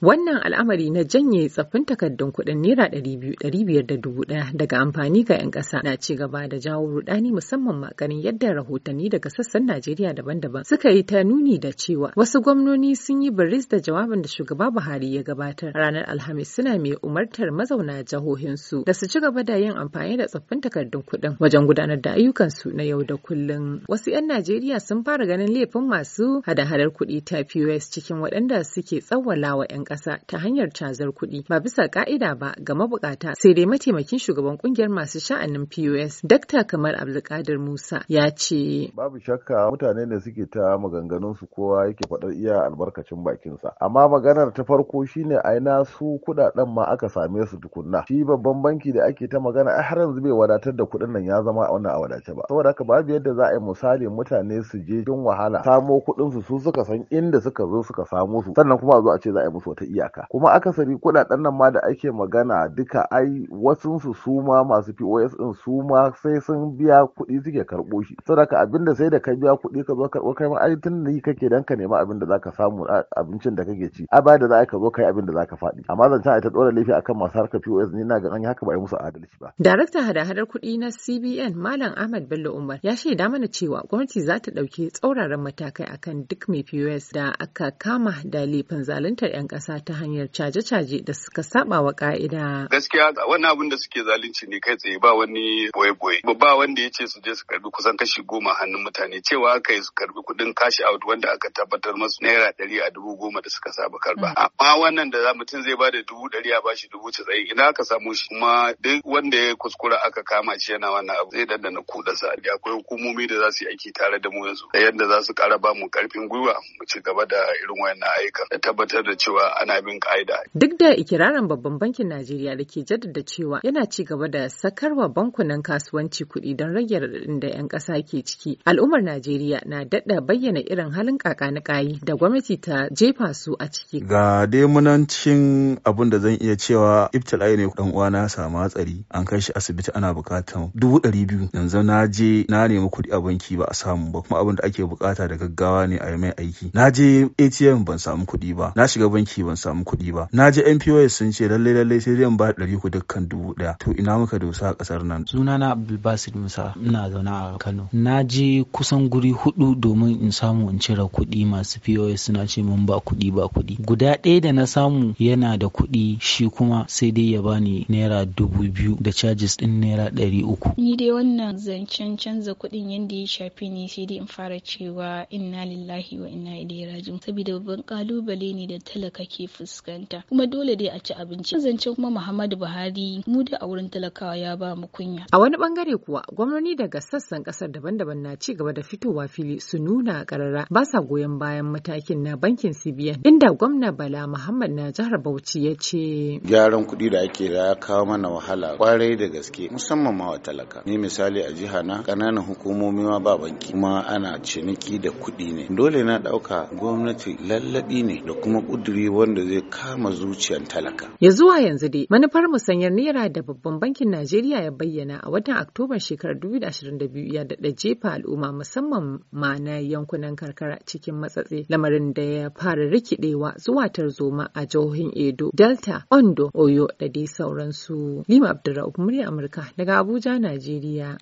Wannan al'amari na janye tsaffin takardun kuɗin Naira ɗari biyu ɗari biyar da dubu ɗaya daga amfani ga 'yan ƙasa na ci gaba da jawo rudani musamman ma ganin yadda rahotanni daga sassan Najeriya daban-daban suka yi ta nuni da cewa wasu gwamnoni sun yi baris da jawabin da shugaba Buhari ya gabatar ranar Alhamis suna mai umartar mazauna jihohinsu da su ci gaba da yin amfani da tsaffin takardun kuɗin wajen gudanar da ayyukansu na yau da kullum. Wasu 'yan Najeriya sun fara ganin laifin masu hada-hadar kuɗi ta POS cikin waɗanda suke tsawwalawa 'yan ƙasa ta hanyar cazar kuɗi ba bisa ƙa'ida ba ga mabukata sai dai mataimakin shugaban ƙungiyar masu sha'anin POS Dakta Kamar Abdulkadir Musa ya ce babu shakka mutane ne suke ta maganganun su kowa yake faɗar iya albarkacin bakinsa amma maganar ta farko shine aina su kuɗaɗen ma aka same su tukunna shi babban banki da ake ta magana ai har yanzu bai wadatar da kuɗin nan ya zama a wannan a wadace ba saboda haka babu yadda za a yi misali mutane su je cikin wahala samo kuɗin su su suka san inda suka zo suka samo su sannan kuma a zo a ce za a yi musu wata iyaka kuma akasari kuɗaɗen nan ma da ake magana duka ai wasunsu su ma masu POS din su ma sai sun biya kuɗi suke karɓo shi saboda abinda sai da ka biya kuɗi ka zo karɓo kai ma ai tun da kake dan ka nemi abin zaka samu abincin da kake ci a bayan da za ka zo kai abin zaka faɗi amma zancen ai ta dora laifi akan masu harkar POS ni na ga an yi haka ba yi musu adalci ba daraktan hada-hadar kuɗi na CBN Malam Ahmad Bello Umar ya shaida mana cewa gwamnati za ta ɗauki tsauraran matakai akan duk mai POS da aka kama da laifin zaluntar 'yan ƙasa ƙasa ta hanyar caje-caje da suka saba wa ƙa'ida. Gaskiya wannan abun da suke zalunci ne kai tsaye ba wani boye-boye. Ba wanda ya ce su je su karbi kusan kashi goma hannun mutane cewa yi su karbi kuɗin kashi out wanda aka tabbatar masu naira ɗari a dubu goma da suka saba karba. Mm. Amma wannan da mutum zai bada dubu ɗari a bashi dubu tsaye idan aka samu shi kuma duk wanda ya kuskura aka kama shi yana wannan abu zai dandana kuɗa Akwai hukumomi da za su yi aiki tare da mu yanzu da yadda za su ƙara ba mu ƙarfin gwiwa mu ci gaba da irin wayannan ayyuka da tabbatar da cewa ana bin ka'ida. Duk da ikirarin babban bankin Najeriya da ke jaddada cewa yana ci gaba da sakarwa bankunan kasuwanci kuɗi don rage raɗaɗin da 'yan ƙasa ke ciki. Al'ummar Najeriya na daɗa bayyana irin halin kaka na ƙayi da gwamnati ta jefa su a ciki. Ga dai munancin abin da zan iya cewa ibtila'i ne dan uwana ya samu hatsari an kai shi asibiti ana buƙatan dubu ɗari biyu yanzu na je na nemi kuɗi a banki ba a samu ba kuma abin da ake bukata da gaggawa ne a yi mai aiki. Na je ATM ban samu kuɗi ba na shiga banki ban samu kuɗi ba na ji NPOS sun ce lallai lallai sai zan ba ɗari ku dukkan dubu ɗaya to ina muka dosa a ƙasar nan sunana Abdulbasit Musa ina zaune a Kano na je kusan guri hudu domin in samu in cire kuɗi masu POS suna ce mun ba kuɗi ba kuɗi guda ɗaya da na samu yana da kuɗi shi kuma sai dai ya bani naira dubu biyu da charges ɗin naira ɗari uku ni dai wannan zancen canza kuɗin yadda ya shafi ni sai dai in fara cewa inna lillahi wa inna ilaihi raji'un saboda babban kalubale ne da talaka ake fuskanta kuma dole dai a ci abinci zancen kuma muhammadu buhari mu da a wurin talakawa ya ba mu kunya a wani bangare kuwa gwamnoni daga sassan kasar daban-daban na ci gaba da fitowa fili su nuna karara ba sa goyon bayan matakin na bankin cbn inda gwamna bala muhammad na jihar bauchi ya ce gyaran kuɗi da ake da kawo mana wahala kwarai da gaske musamman ma wa talaka ni misali a jiha na ƙananan hukumomi ma ba banki kuma ana ciniki da kuɗi ne dole na ɗauka gwamnati lallabi ne da kuma ƙuduri wanda zai kama zuciyar talaka. Ya zuwa yanzu dai manufar musanyar naira da babban bankin Najeriya ya bayyana a watan Oktoban shekarar 2022 ya daɗa jefa al'umma musamman ma na yankunan karkara cikin matsatsi lamarin da ya fara rikidewa zuwa tarzoma a jihohin Edo, Delta, Ondo, Oyo da dai sauransu. Lima Abdulrahman murya Amurka daga Abuja, Najeriya.